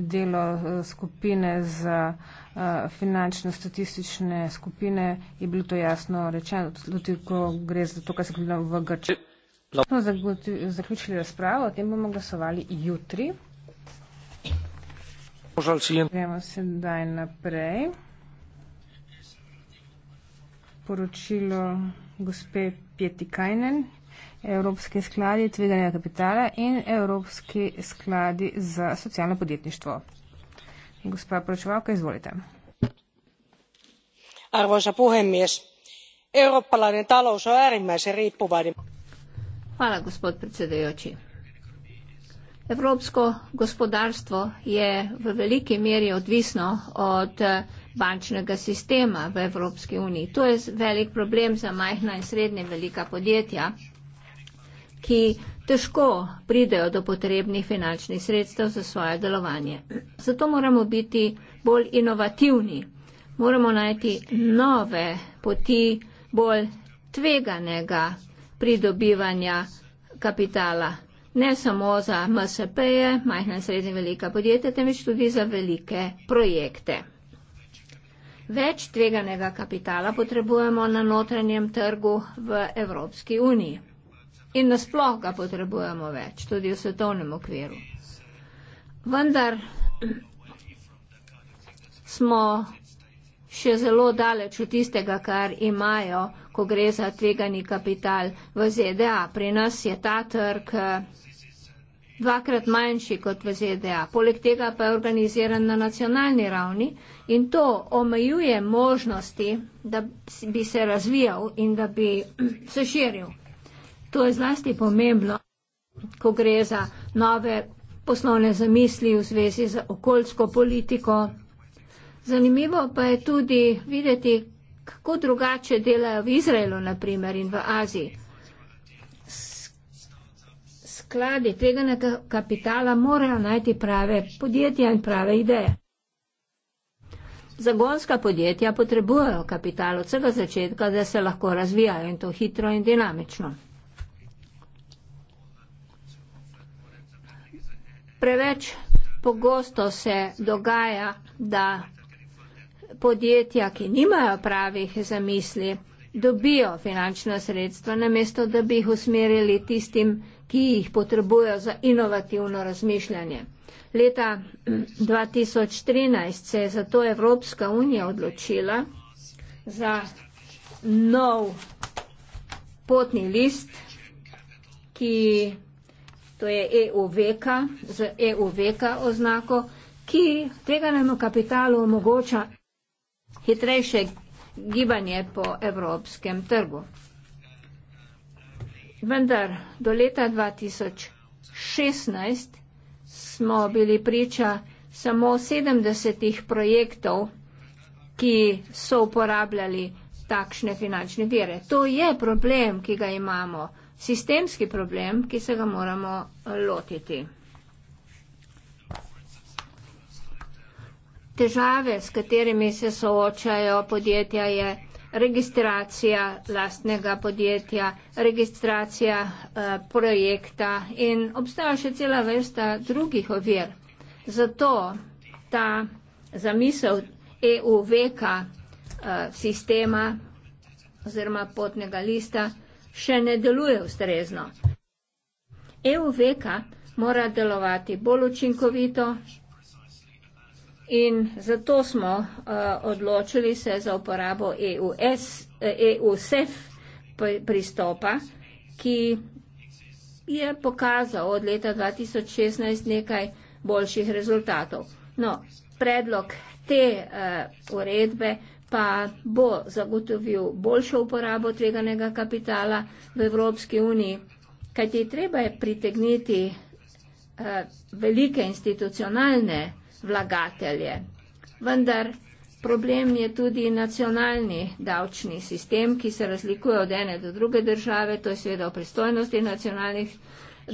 tudi delo eh, skupine za eh, finančno-statistične skupine, je bilo to jasno rečeno, tudi ko gre za to, kar se gleda v Grči. Smo no, zaključili razpravo, o tem bomo glasovali jutri. Gremo sedaj naprej. Poročilo gospe Pjeti Kajnen, Evropski skladi tveganja kapitala in Evropski skladi za socialno podjetništvo. Gospa poročevalka, izvolite. Arvoisa puhemies, eurooppalainen talous on äärimmäisen riippuvainen. Hvala, gospod predsedujoči. Evropsko gospodarstvo je v veliki meri odvisno od eh, bančnega sistema v Evropski uniji. To je velik problem za majhna in srednje velika podjetja ki težko pridejo do potrebnih finančnih sredstev za svoje delovanje. Zato moramo biti bolj inovativni, moramo najti nove poti bolj tveganega pridobivanja kapitala. Ne samo za MSP-je, majhna in srednja velika podjetja, temveč tudi za velike projekte. Več tveganega kapitala potrebujemo na notranjem trgu v Evropski uniji in nasploh ga potrebujemo več, tudi v svetovnem okviru. Vendar smo še zelo daleč od tistega, kar imajo, ko gre za tvegani kapital v ZDA. Pri nas je ta trg eh, dvakrat manjši kot v ZDA. Poleg tega pa je organiziran na nacionalni ravni in to omejuje možnosti, da bi se razvijal in da bi se širil. To je zlasti pomembno, ko gre za nove poslovne zamisli v zvezi z okoljsko politiko. Zanimivo pa je tudi videti, kako drugače delajo v Izraelu naprimer in v Aziji. Skladi tega kapitala morajo najti prave podjetja in prave ideje. Zagonska podjetja potrebujejo kapital od vsega začetka, da se lahko razvijajo in to hitro in dinamično. Preveč pogosto se dogaja, da podjetja, ki nimajo pravih zamisli, dobijo finančna sredstva, namesto da bi jih usmerili tistim, ki jih potrebujejo za inovativno razmišljanje. Leta 2013 se je zato Evropska unija odločila za nov potni list, ki to je EUVEKA z EUVEKA oznako, ki tveganemu kapitalu omogoča hitrejše gibanje po evropskem trgu. Vendar do leta 2016 smo bili priča samo 70 projektov, ki so uporabljali takšne finančne vire. To je problem, ki ga imamo sistemski problem, ki se ga moramo eh, lotiti. Težave, s katerimi se soočajo podjetja, je registracija lastnega podjetja, registracija eh, projekta in obstaja še cela vrsta drugih ovir. Zato ta zamisel EU-veka eh, sistema oziroma potnega lista še ne deluje ustrezno. EUVEKA mora delovati bolj učinkovito in zato smo uh, odločili se za uporabo EUSEF eh, e e pristopa, ki je pokazal od leta 2016 nekaj boljših rezultatov. No, predlog te uh, uredbe pa bo zagotovil boljšo uporabo tveganega kapitala v Evropski uniji, kajti treba je pritegniti eh, velike institucionalne vlagatelje. Vendar problem je tudi nacionalni davčni sistem, ki se razlikuje od ene do druge države, to je seveda v pristojnosti nacionalnih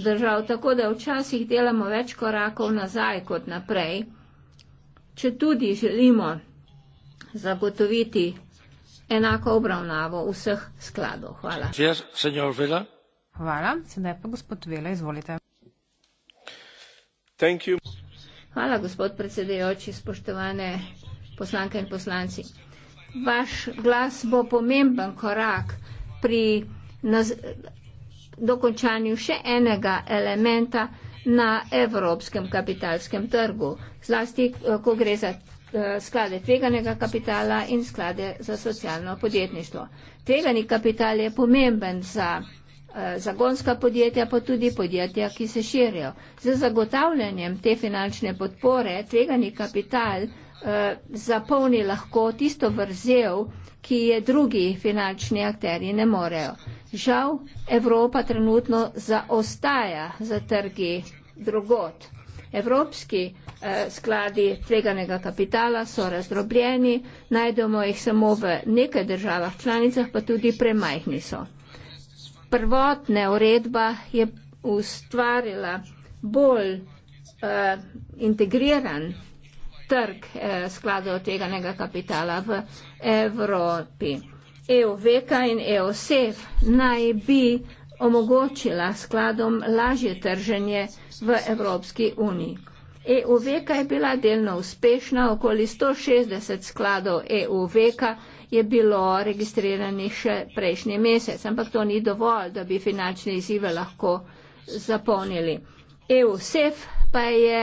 držav, tako da včasih delamo več korakov nazaj kot naprej, če tudi želimo zagotoviti enako obravnavo vseh skladov. Hvala. Hvala. Sedaj pa gospod Vela, izvolite. Hvala, gospod predsedejoči, spoštovane poslanke in poslanci. Vaš glas bo pomemben korak pri dokončanju še enega elementa na evropskem kapitalskem trgu, zlasti ko gre za Eh, sklade tveganega kapitala in sklade za socialno podjetništvo. Tvegani kapital je pomemben za eh, zagonska podjetja, pa tudi podjetja, ki se širijo. Z zagotavljanjem te finančne podpore tvegani kapital eh, zapolni lahko tisto vrzel, ki je drugi finančni akteri ne morejo. Žal Evropa trenutno zaostaja za trgi drugot. Evropski eh, skladi tveganega kapitala so razdrobljeni, najdemo jih samo v nekaj državah članicah, pa tudi premajhni so. Prvotna uredba je ustvarila bolj eh, integriran trg eh, skladov tveganega kapitala v Evropi. EUVK in EOSEF naj bi omogočila skladom lažje trženje v Evropski uniji. EUVK je bila delno uspešna, okoli 160 skladov EUVK je bilo registriranih še prejšnji mesec, ampak to ni dovolj, da bi finančne izzive lahko zapolnili. EUSEF pa je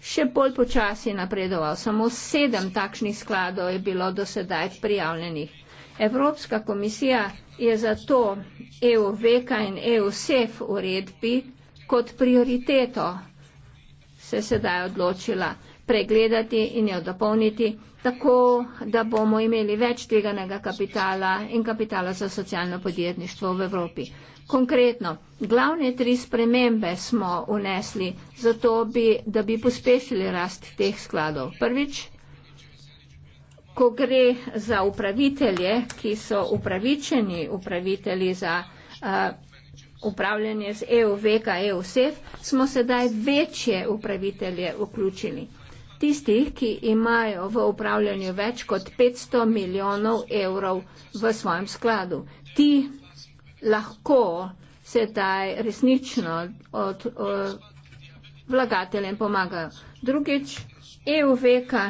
še bolj počasi napredoval, samo sedem takšnih skladov je bilo do sedaj prijavljenih. Evropska komisija je zato EU Veka in EU SEF uredbi kot prioriteto se sedaj odločila pregledati in jo dopolniti tako, da bomo imeli več tveganega kapitala in kapitala za socialno podjetništvo v Evropi. Konkretno, glavne tri spremembe smo unesli zato, bi, da bi pospešili rast teh skladov. Prvič, ko gre za upravitelje, ki so upravičeni upravitelji za uh, upravljanje z EUVK, EUSEF, smo sedaj večje upravitelje vključili. Tistih, ki imajo v upravljanju več kot 500 milijonov evrov v svojem skladu. Ti lahko sedaj resnično od, od eh, vlagateljem pomagajo. Drugič, EUVK uh,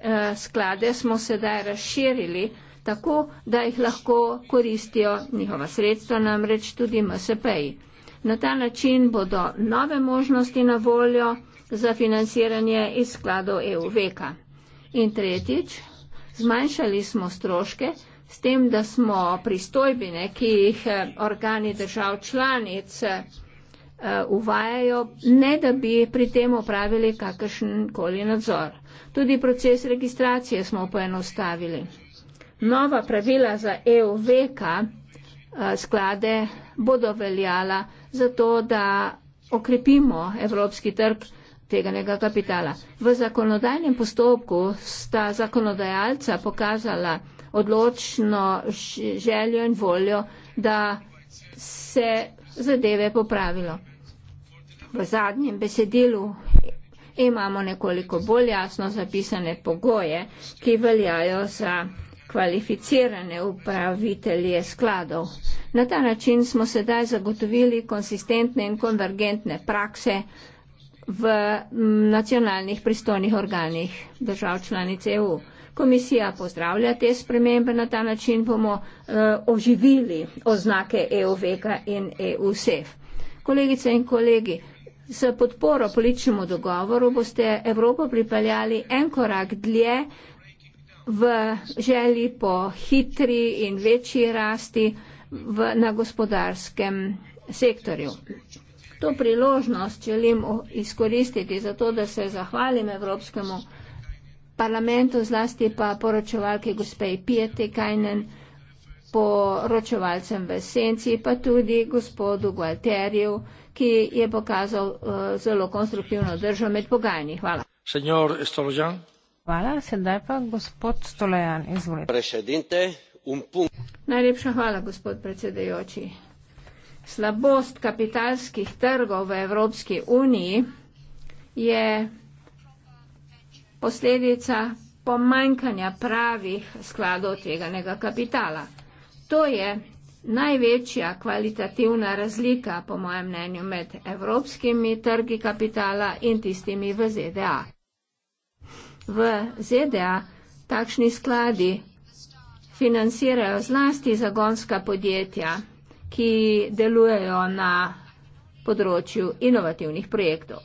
eh, sklade smo sedaj razširili tako, da jih lahko koristijo njihova sredstva, namreč tudi MSP-ji. Na ta način bodo nove možnosti na voljo za financiranje iz skladov EUVK. In tretjič, zmanjšali smo stroške s tem, da smo pristojbine, ki jih eh, organi držav članic Eh, uvajajo, ne da bi pri tem opravili kakršen koli nadzor. Tudi proces registracije smo poenostavili. Nova pravila za EUVK eh, sklade bodo veljala za to, da okrepimo evropski trg tega kapitala. V zakonodajnem postopku sta zakonodajalca pokazala odločno željo in voljo, da se zadeve popravilo v zadnjem besedilu imamo nekoliko bolj jasno zapisane pogoje, ki veljajo za kvalificirane upravitelje skladov. Na ta način smo sedaj zagotovili konsistentne in konvergentne prakse v nacionalnih pristojnih organih držav članic EU. Komisija pozdravlja te spremembe, na ta način bomo uh, oživili oznake EUVK in EUSEF. Kolegice in kolegi, S podporo političnemu dogovoru boste Evropo pripeljali en korak dlje v želji po hitri in večji rasti v, na gospodarskem sektorju. To priložnost želim izkoristiti za to, da se zahvalim Evropskemu parlamentu, zlasti pa poročevalki gospej Pijete Kajnen, poročevalcem v Senci, pa tudi gospodu Gualteriju, ki je pokazal uh, zelo konstruktivno držo med pogajanji. Hvala. Hvala, sedaj pa gospod Stolajan, izvolite. Najlepša hvala, gospod predsedajoči. Slabost kapitalskih trgov v Evropski uniji je posledica pomanjkanja pravih skladov tveganega kapitala. To je največja kvalitativna razlika, po mojem mnenju, med evropskimi trgi kapitala in tistimi v ZDA. V ZDA takšni skladi financirajo zlasti zagonska podjetja, ki delujejo na področju inovativnih projektov.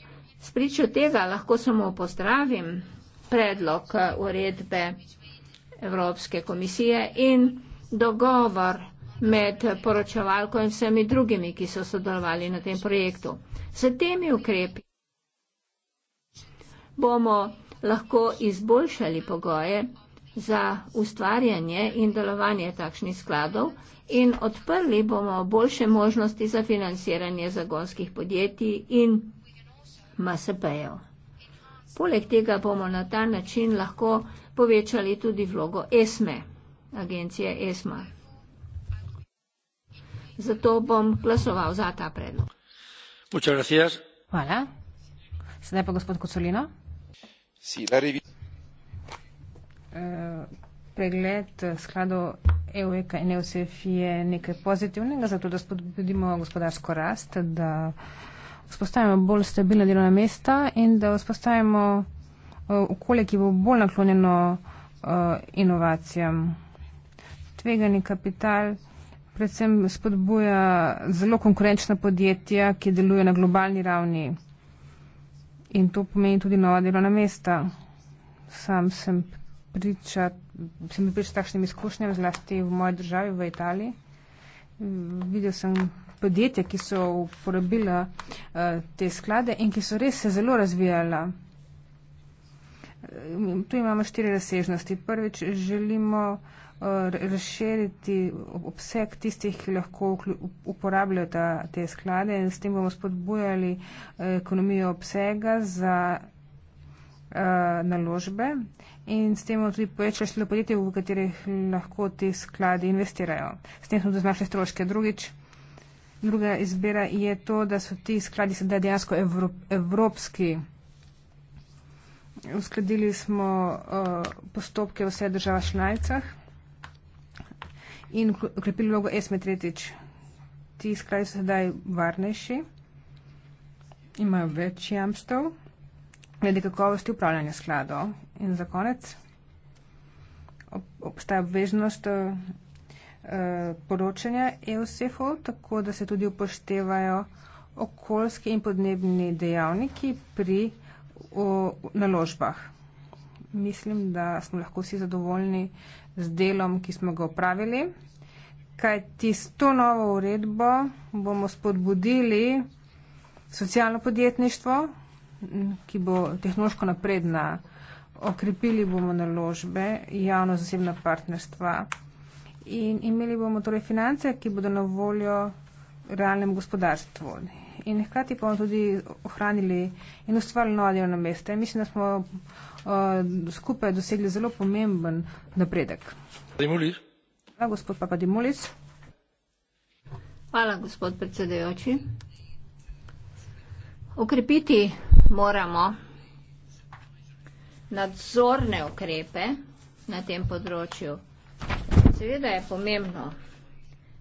Spričo tega lahko samo pozdravim predlog uredbe Evropske komisije in dogovor med poročevalko in vsemi drugimi, ki so sodelovali na tem projektu. S temi ukrepi bomo lahko izboljšali pogoje za ustvarjanje in delovanje takšnih skladov in odprli bomo boljše možnosti za financiranje zagonskih podjetij in MSP-jev. Poleg tega bomo na ta način lahko povečali tudi vlogo ESME, e, agencije ESMA. E zato bom glasoval za ta predlog. Hvala. Sedaj pa gospod Kocolino. Si, eh, Pregled eh, skladov EUEK in EUSEF je nekaj pozitivnega, zato da spodbudimo gospodarsko rast, da vzpostavimo bolj stabilna delovna mesta in da vzpostavimo eh, okolje, ki bo bolj naklonjeno inovacijam. Tvegani kapital predvsem spodbuja zelo konkurenčna podjetja, ki delujejo na globalni ravni. In to pomeni tudi nova delovna mesta. Sam sem priča, sem priča takšnim izkušnjam, zlasti v moji državi, v Italiji. Videla sem podjetja, ki so uporabila uh, te sklade in ki so res se zelo razvijala. Tu imamo štiri razsežnosti. Prvič želimo eh, razširiti obseg tistih, ki lahko uporabljajo ta, te sklade in s tem bomo spodbujali eh, ekonomijo obsega za eh, naložbe in s tem bomo tudi povečali število podjetij, v katerih lahko ti skladi investirajo. S tem smo tudi zmanjšali stroške. Drugič, druga izbira je to, da so ti skladi sedaj dejansko evropski uskladili smo eh, postopke v vseh državah članicah in ukrepili vlogo ESME tretjič. Ti skladi so sedaj varnejši, imajo več jamstev glede kakovosti upravljanja skladov. In za konec obstaja obveznost eh, poročanja EUSEF-ov, tako da se tudi upoštevajo okoljski in podnebni dejavniki pri v naložbah. Mislim, da smo lahko vsi zadovoljni z delom, ki smo ga upravili, kajti s to novo uredbo bomo spodbudili socialno podjetništvo, ki bo tehnološko napredna. Okrepili bomo naložbe, javno-zasebna partnerstva in imeli bomo torej finance, ki bodo na voljo realnem gospodarstvu in hkrati bomo tudi ohranili in ustvarili nova delovna mesta. Mislim, da smo uh, skupaj dosegli zelo pomemben napredek. Hvala, gospod Papadimulis. Hvala, gospod predsedajoči. Okrepiti moramo nadzorne ukrepe na tem področju. Seveda je pomembno,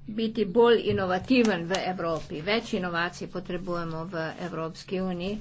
biti bolj inovativen v Evropi. Več inovacij potrebujemo v Evropski uniji.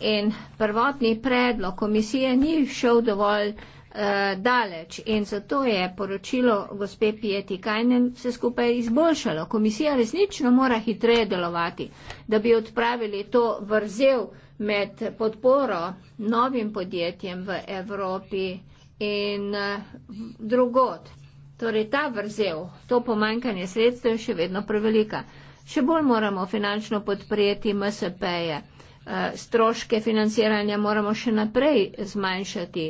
In prvotni predlog komisije ni šel dovolj uh, daleč in zato je poročilo gospe Pieti Kajnen se skupaj izboljšalo. Komisija resnično mora hitreje delovati, da bi odpravili to vrzel med podporo novim podjetjem v Evropi in uh, eh, drugot. Torej ta vrzel, to pomankanje sredstev je še vedno prevelika. Še bolj moramo finančno podprijeti MSP-je, eh, stroške financiranja moramo še naprej zmanjšati,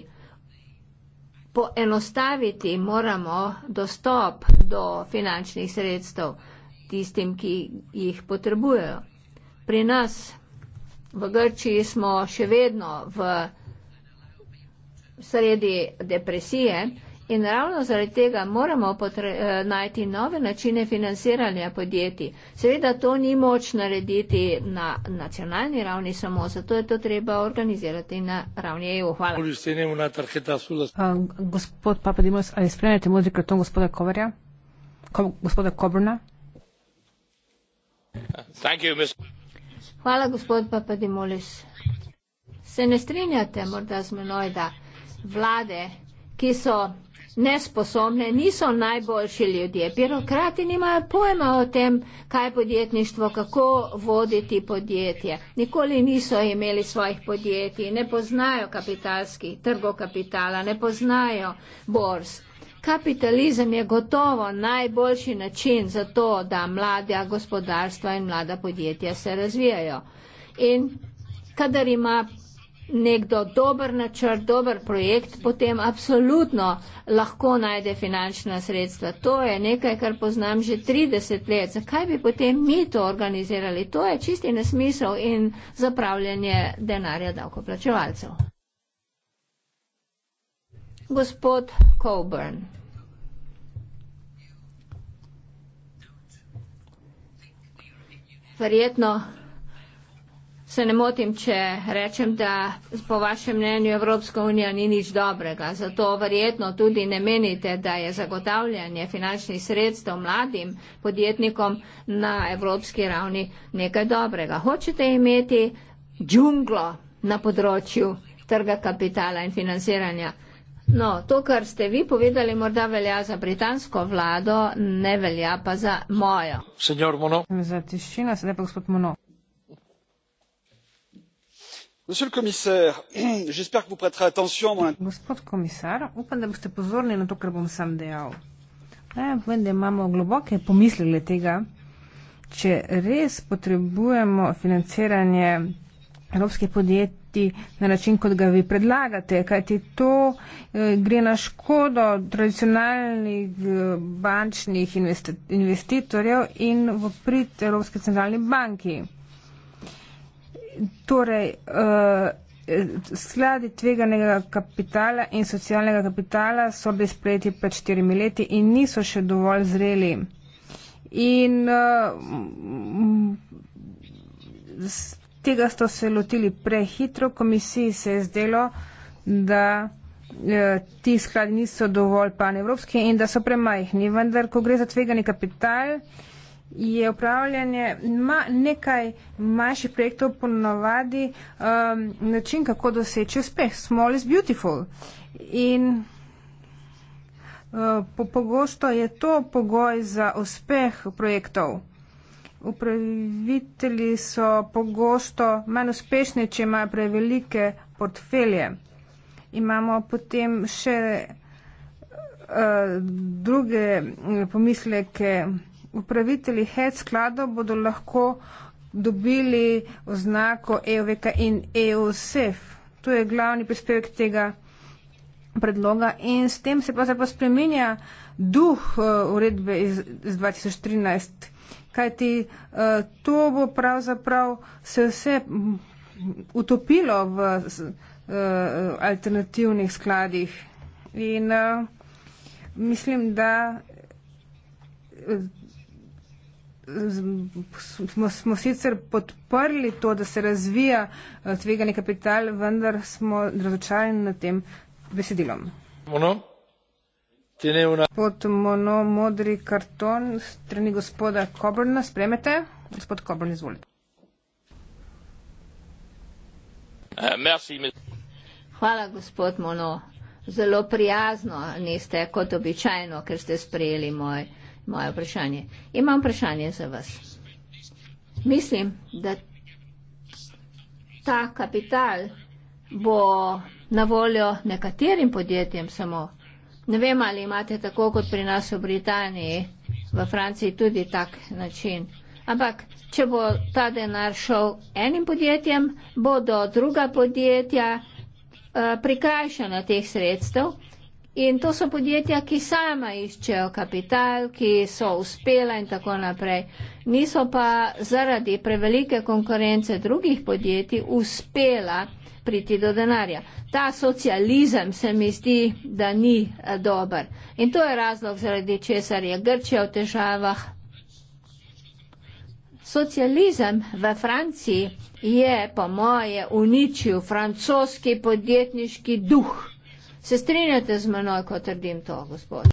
poenostaviti moramo dostop do finančnih sredstev tistim, ki jih potrebujejo. Pri nas v Grčiji smo še vedno v sredi depresije, In ravno zaradi tega moramo potre, eh, najti nove načine financiranja podjetij. Seveda to ni moč narediti na nacionalni ravni samo, zato je to treba organizirati na ravni EU. Hvala. A, gospod Papadimos, ali spremljate modri kraton gospoda Kovarja? Ko, gospoda Koburna? Hvala, gospod Papadimolis. Se ne strinjate morda z menoj, da vlade, ki so nesposobne, niso najboljši ljudje. Birokrati nimajo pojma o tem, kaj podjetništvo, kako voditi podjetje. Nikoli niso imeli svojih podjetij, ne poznajo kapitalskih trgov kapitala, ne poznajo borz. Kapitalizem je gotovo najboljši način za to, da mlada gospodarstva in mlada podjetja se razvijajo. In kadar ima nekdo dober načrt, dober projekt, potem absolutno lahko najde finančna sredstva. To je nekaj, kar poznam že 30 let. Zakaj bi potem mi to organizirali? To je čisti nesmisel in zapravljanje denarja davkoplačevalcev. Gospod Coburn. Verjetno se ne motim, če rečem, da po vašem mnenju Evropska unija ni nič dobrega. Zato verjetno tudi ne menite, da je zagotavljanje finančnih sredstev mladim podjetnikom na evropski ravni nekaj dobrega. Hočete imeti džunglo na področju trga kapitala in financiranja. No, to, kar ste vi povedali, morda velja za britansko vlado, ne velja pa za mojo. Za tišino, sedaj pa gospod Mono monsieur le commissaire j'espère que vous prêterez attention à mon. gospod komisar upam da boste pozorni na to kar bom sam dejal naj ja, vam povem da imamo globoke pomisleke tega če res potrebujemo financiranje evropskih podjetij na način kot ga vi predlagate kajti to eh, gre na škodo tradicionalnih eh, bančnih investi investitorjev in v prid evropske centralne banke torej, uh, skladi tveganega kapitala in socialnega kapitala so bili sprejeti pred štirimi leti in niso še dovolj zreli. In uh, tega so se lotili prehitro, komisiji se je zdelo, da eh, ti skladi niso dovolj panevropski in da so premajhni. Vendar, ko gre za tvegani kapital, uh, je upravljanje ma nekaj manjših projektov ponovadi um, način, kako doseči uspeh. Small is beautiful. In uh, pogosto po je to pogoj za uspeh projektov. Upravitelji so pogosto manj uspešni, če imajo prevelike portfelje. Imamo potem še uh, druge uh, pomisleke. Uh, upravitelji head sklada bodo lahko dobili oznako EUVK in EUSEF. To je glavni prispevek tega predloga in s tem se pa spremenja duh eh, uredbe iz, iz 2013, kajti eh, to bo pravzaprav se vse mm, utopilo v eh, alternativnih skladih. In mislim, da smo, smo sicer podprli to, da se razvija eh, tvegani kapital, vendar smo razočarani nad tem besedilom. Mono. Gospod Mono, modri karton, strani gospoda Coburna, spremete? Gospod Coburn, izvolite. Eh, Hvala, gospod Mono. Zelo prijazno niste, kot običajno, ker ste sprejeli moj uh, moje vprašanje. Imam vprašanje za vas. Mislim, da ta kapital bo na voljo nekaterim podjetjem samo. Ne vem, ali imate tako kot pri nas v Britaniji, v Franciji tudi tak način. Ampak, če bo ta denar šel enim podjetjem, bodo druga podjetja uh, prikrajšana teh sredstev In to so podjetja, ki sama iščejo kapital, ki so uspela in tako naprej. Niso pa zaradi prevelike konkurence drugih podjetij uspela priti do denarja. Ta socializem se mi zdi, da ni eh, dober. In to je razlog, zaradi česar je Grčija v težavah. Socializem v Franciji je, po moje, uničil francoski podjetniški duh. Se strinjate z menoj, ko trdim to, gospod?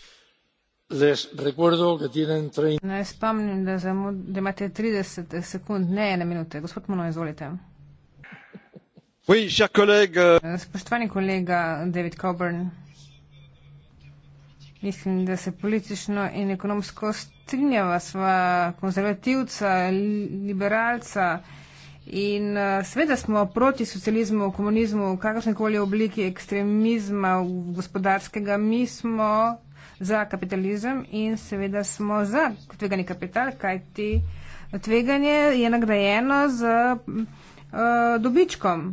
Les recuerdo que tienen 30... Ne spomnim, da, zamo, da imate 30 sekund, ne ene minute. Gospod Mono, izvolite. Oui, cher collègue. Euh, eh, spoštovani kolega David Coburn, mislim, da se politično in ekonomsko strinjava sva konzervativca, liberalca, In uh, seveda smo proti socializmu, komunizmu, kakršnekoli obliki ekstremizma gospodarskega, mi smo za kapitalizem in seveda smo za tvegani kapital, kajti tveganje je nagrajeno z uh, dobičkom.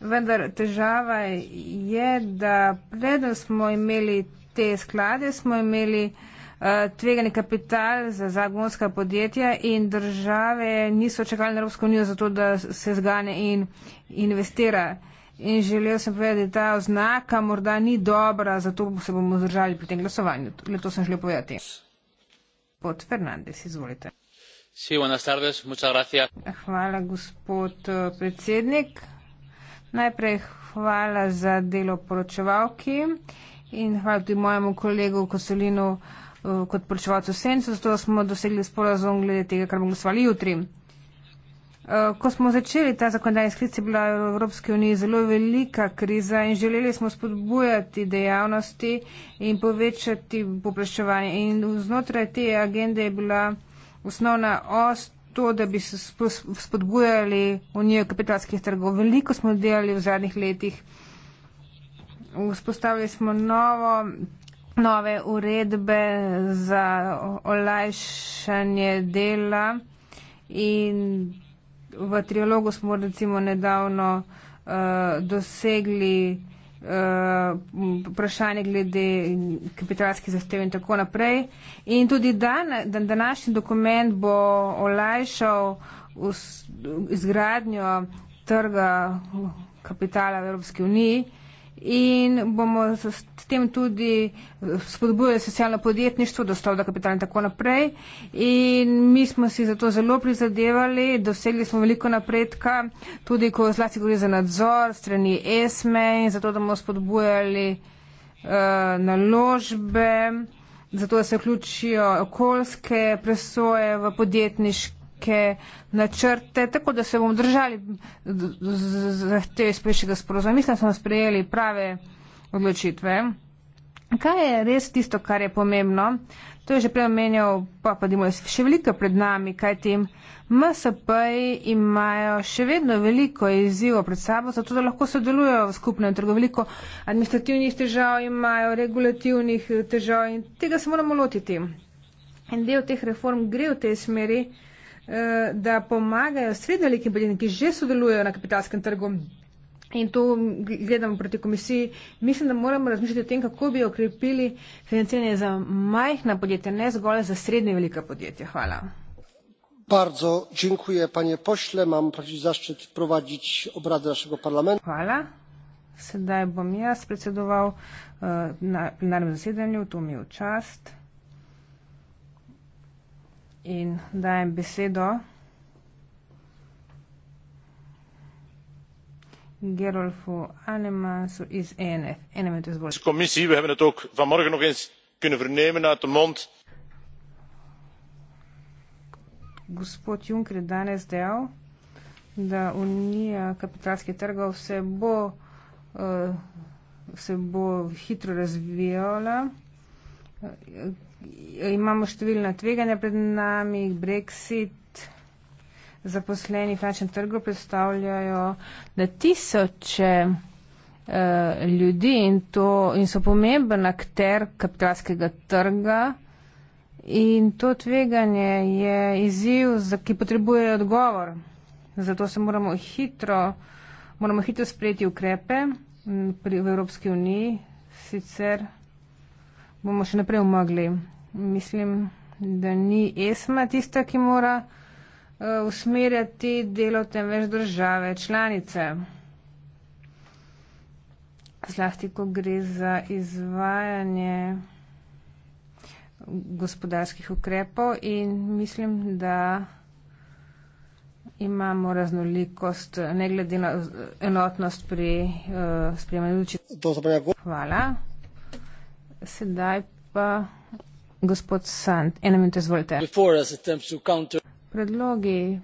Vendar težava je, da preden smo imeli te sklade, smo imeli uh, Eh, tvegani kapital za zagonska podjetja in države niso čakali na Evropsko unijo za to, da se zgane in investira. In želel sem povedati, da ta oznaka morda ni dobra, zato se bomo zdržali pri tem glasovanju. Le to sem želel povedati. Pod Fernandez, izvolite. Sí, tardes, hvala, gospod eh, predsednik. Najprej hvala za delo poročevalki in hvala tudi mojemu kolegu Kosolinu. Uh, Eh, kot poročevalcu senco, zato smo dosegli sporazum glede tega, kar bomo glasovali jutri. Eh, ko smo začeli ta zakonodajni sklic, je bila v Evropski uniji zelo velika kriza in želeli smo spodbujati dejavnosti in povečati popraščevanje. In znotraj te agende je bila osnovna ost to, da bi se spodbujali unijo kapitalskih trgov. Veliko smo delali v zadnjih letih. Vzpostavili smo novo nove uredbe za olajšanje dela in v trialogu smo recimo nedavno uh, dosegli eh, vprašanje glede kapitalskih zahtev in tako naprej. In tudi dan, današnji dokument bo olajšal iz, izgradnjo trga kapitala v Evropski uniji. Uh, in bomo s tem tudi eh, spodbujali socialno podjetništvo, dostop do kapitala in tako naprej. In mi smo si zato zelo prizadevali, dosegli smo veliko napredka, tudi ko zlasti gre za nadzor strani ESME in zato, da bomo spodbujali uh, naložbe, zato, da se vključijo okoljske presoje v podjetniške neke načrte, tako da se bomo držali zahteve iz prejšnjega sporozuma. Mislim, da smo sprejeli prave odločitve. Kaj je res tisto, kar je pomembno? To je že prej omenjal, pa pa dimo, še veliko pred nami, kaj tim. MSP imajo še vedno veliko izzivo pred sabo, zato da lahko sodelujo v skupnem trgu. Veliko administrativnih težav imajo, regulativnih težav in tega se moramo lotiti. En del teh reform gre v tej smeri. Eh, da pomagajo srednje velikim podjetjem, ki že sodelujejo na kapitalskem trgu. In tu gledamo proti komisiji. Mislim, da moramo razmišljati o tem, kako bi okrepili financiranje za majhna podjetja, ne zgolj za srednje velika podjetja. Hvala. Bardzo dziękuję, panie pośle. Mam zaszczyt prowadzić obrady naszego parlamentu. Hvala. Sedaj bom jaz predsedoval uh, na plenarnem zasedanju, to mi je v čast in dajem besedo Gerolfu Anemasu iz ENF. Ene minuut, izvolite. Commissie, we hebben het ook vanmorgen nog eens kunnen vernemen uit de mond. Gospod Juncker je danes dejal, da Unija kapitalskih trgov se bo, uh, se bo hitro razvijala. Uh, imamo številna tveganja pred nami, Brexit, zaposleni v finančnem trgu predstavljajo na tisoče eh, ljudi in, to, in so pomemben akter kapitalskega trga. In to tveganje je izziv, za, ki potrebuje odgovor. Zato se moramo hitro, moramo hitro sprejeti ukrepe pri, v Evropski uniji, sicer bomo še naprej umagli mislim, da ni ESMA tista, ki mora uh, usmerjati delo temveč države članice. Zlasti, ko gre za izvajanje gospodarskih ukrepov in mislim, da imamo raznolikost, ne glede na enotnost pri uh, sprejemanju učitev. Hvala. Sedaj pa Gospod Sant, eno minuto izvolite. Predlogi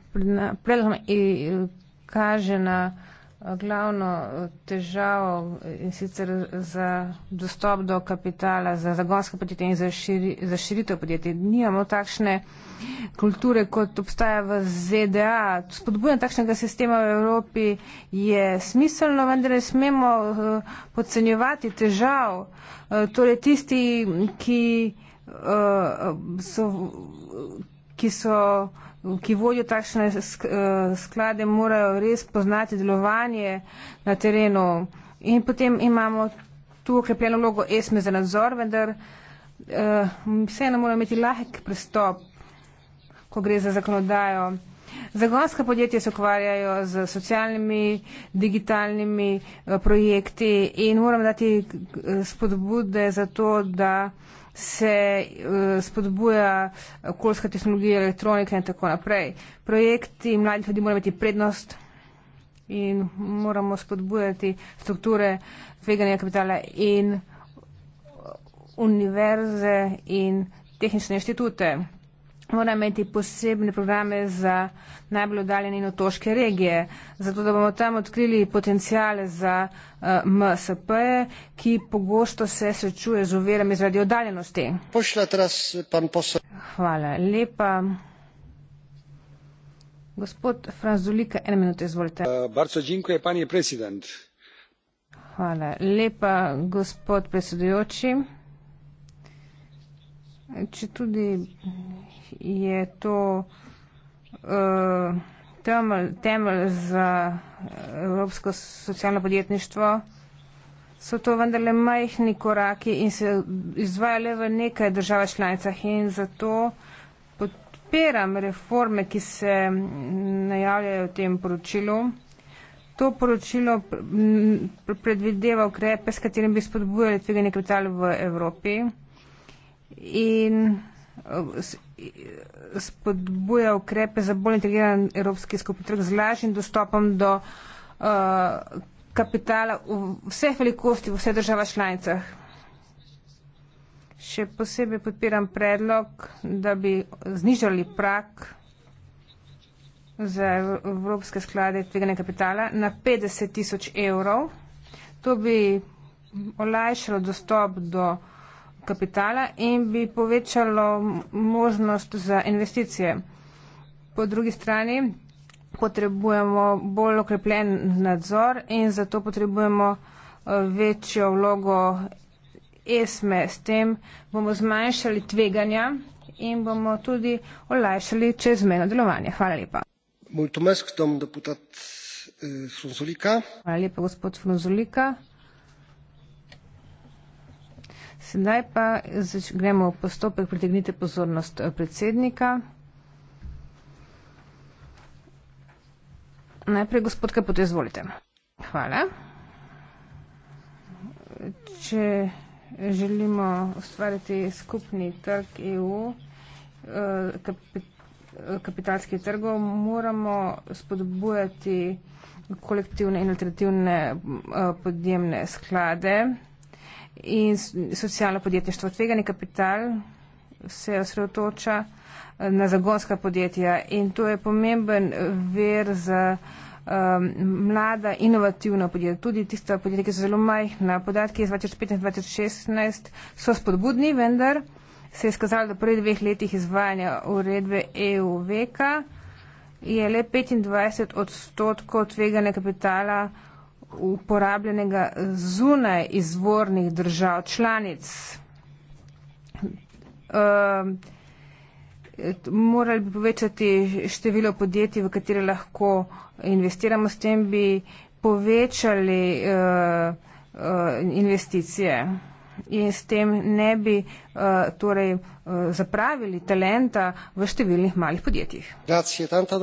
pred nami eh, kaže na eh, glavno eh, težavo in sicer za dostop do kapitala, za zagonsko podjetje in za, širi, za širitev podjetja. Nijamo takšne kulture, kot obstaja v ZDA. Spodbujanje takšnega sistema v Evropi je smiselno, vendar ne smemo podcenjevati težav. Torej tisti, ki Eh, so, ki so ki vodijo takšne eh, sklade, morajo res poznati delovanje na terenu. In potem imamo tu okrepljeno vlogo ESME za nadzor, vendar eh, vseeno mora imeti lahek pristop, ko gre za zakonodajo. Zagonska podjetja se ukvarjajo z socialnimi, digitalnimi projekti in moramo dati spodbude za to, da se eh, spodbuja okoljska tehnologija, elektronika in tako naprej. Projekti mladih ljudi morajo imeti prednost in moramo spodbujati strukture tveganja kapitala in univerze in tehnične inštitute morajo imeti posebne programe za najbolj oddaljene in otoške regije, zato da bomo tam odkrili potencijale za uh, eh, MSP, ki pogosto se srečuje z uverami zaradi oddaljenosti. Hvala lepa. Gospod Franzulika, eno minuto izvolite. Eh, Hvala lepa, gospod predsedujoči četudi je to eh, temelj, temelj za eh, evropsko socialno podjetništvo, so to vendarle majhni koraki in se izvajajo le v nekaj država članicah in zato podpiram reforme, ki se najavljajo v tem poročilu. To poročilo predvideva ukrepe, s katerim bi spodbujali tveganje kapitala v Evropi in eh, eh, spodbuja ukrepe za bolj integriran evropski skupni trg z lažjim dostopom do uh, kapitala v vseh velikosti, v vseh državah članicah. Še posebej podpiram predlog, da bi znižali prak za evropske sklade tveganja kapitala na 50 tisoč evrov. To bi olajšalo dostop do uh, kapitala in bi povečalo možnost za investicije. Po drugi strani potrebujemo bolj okrepljen nadzor in zato potrebujemo eh, večjo vlogo ESME. S tem bomo zmanjšali tveganja in bomo tudi olajšali čezmeno delovanje. Hvala lepa. Eh, Hvala lepa, gospod Fronzolika. Sedaj pa gremo v postopek, pritegnite pozornost eh, predsednika. Najprej gospodka, potem izvolite. Hvala. Če želimo ustvariti skupni trg EU, eh, eh, kapitalskih trgov, moramo spodbujati kolektivne in alternativne podjemne sklade in socialno podjetništvo. Tvegani kapital se osredotoča eh, na zagonska podjetja in to je pomemben eh, ver za um, mlada inovativna podjetja. Tudi tista podjetja, ki so zelo majhna, podatki iz 2015-2016 so spodbudni, vendar se je skazalo, da prvi dveh letih izvajanja uredbe EU-VEKA je le 25 odstotkov tveganja kapitala uporabljenega zunaj izvornih držav članic. Ehm, morali bi povečati število podjetij, v katere lahko investiramo, s tem bi povečali eh, eh, investicije in s tem ne bi uh, torej uh, zapravili talenta v številnih malih podjetjih. Grazie, tanto,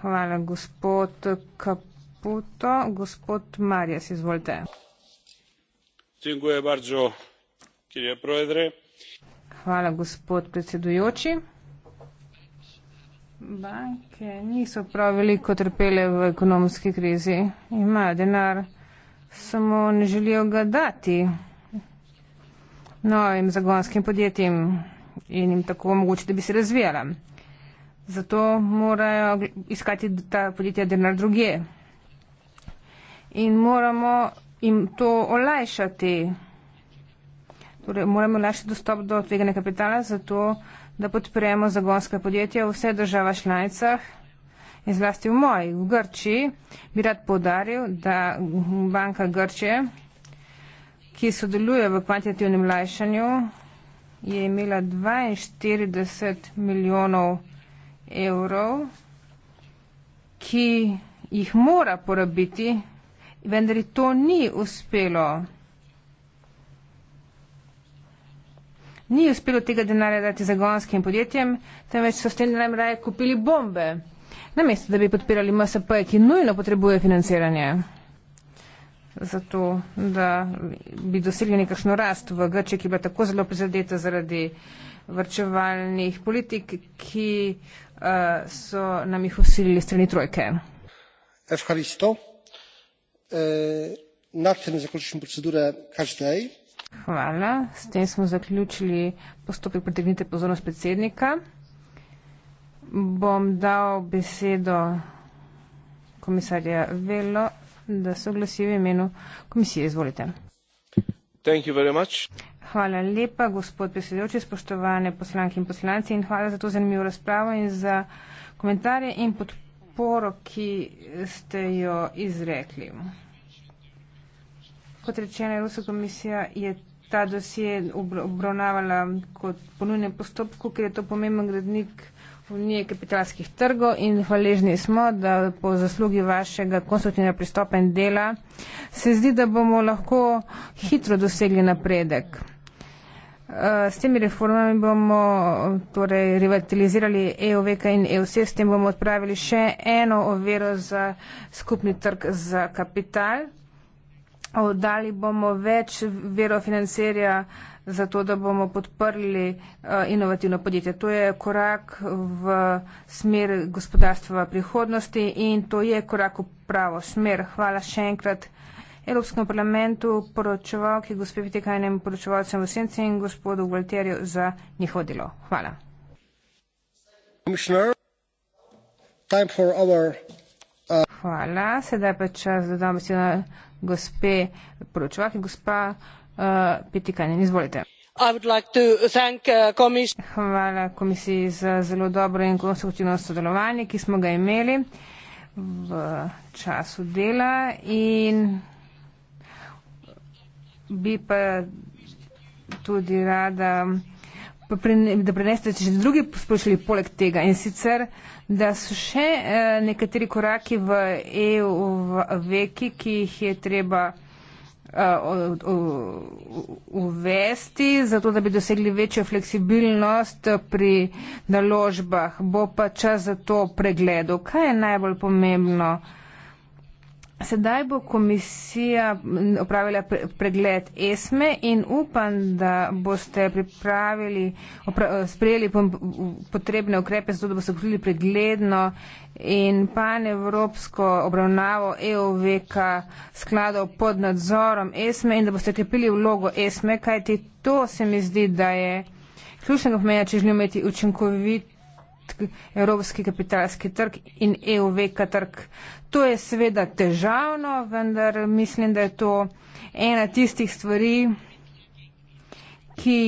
Hvala, gospod Kap puto gospod marias izvolite hvala gospod predsedujoči banke niso prav veliko trpele v ekonomski krizi imajo denar samo ne želijo ga dati novim zagonskim podjetjem in jim tako omogočiti da bi se razvijala zato morajo iskati ta podjetja denar drugje in moramo jim to olajšati. Torej, moramo olajšati dostop do tveganega kapitala, zato da podpremo zagonska podjetja v vseh državah članicah in zlasti v moji, v Grčiji, bi rad podaril, da banka Grče, ki sodeluje v kvantitativnem lajšanju, je imela 42 milijonov evrov, ki jih mora porabiti vendar ji to ni uspelo. Ni uspelo tega denarja dati zagonskim podjetjem, temveč so s tem denarjem raje kupili bombe, namesto da bi podpirali MSP, ki nujno potrebuje financiranje, zato da bi dosegli nekakšno rast v Grče, ki je bila tako zelo prizadeta zaradi vrčevalnih politik, ki uh, so nam jih usilili strani trojke. Evharisto. E, na tym zakończyliśmy procedurę każdej. Hvala. S tem smo zaključili postopek pritegnite pozornost predsednika. Bom dal besedo komisarja Velo, da se oglasi v imenu komisije. Izvolite. Thank you very much. Hvala lepa, gospod predsedujoči, spoštovane poslanke in poslanci in hvala za to zanimivo razpravo in za komentarje in podporo podporo, ki ste jo izrekli. Kot rečeno, Evropska komisija je ta dosje obravnavala kot ponujne postopku, ker je to pomemben gradnik unije kapitalskih trgov in hvaležni smo, da po zaslugi vašega konstruktivnega pristopa in dela se zdi, da bomo lahko hitro dosegli napredek. Eh, s temi reformami bomo torej revitalizirali EUVK in EUC, s tem bomo odpravili še eno oviro za skupni trg za kapital. Oddali bomo več verofinancerja za to, da bomo podprli eh, inovativno podjetje. To je korak v smer gospodarstva prihodnosti in to je korak v pravo smer. Hvala še enkrat. Evropskem parlamentu poročevalki, gospe Vitekajnem, poročevalcem v senci in gospodu Gualterju za njihovo delo. Hvala. Uh, Hvala. Sedaj pa čas, da dam besedo gospe poročevalki, gospa Pitikanin. Uh, Izvolite. Uh, Hvala komisiji za zelo dobro in konstruktivno sodelovanje, ki smo ga imeli v času dela in bi pa tudi rada, da preneste še drugi sprašali poleg tega in sicer, da so še eh, nekateri koraki v EU v veki, ki jih je treba eh, uvesti, zato da bi dosegli večjo fleksibilnost pri naložbah. Bo pa čas za to pregledu. Kaj je najbolj pomembno? Sedaj bo komisija opravila pregled ESME in upam, da boste pripravili, eh, sprejeli potrebne ukrepe, zato da boste pokrili pregledno in panevropsko obravnavo EOVK skladov pod nadzorom ESME in da boste krepili vlogo ESME, kajti to se mi zdi, da je ključnega pomena, če želimo imeti učinkovit evropski kapitalski trg in EUVK trg. To je seveda težavno, vendar mislim, da je to ena tistih stvari, ki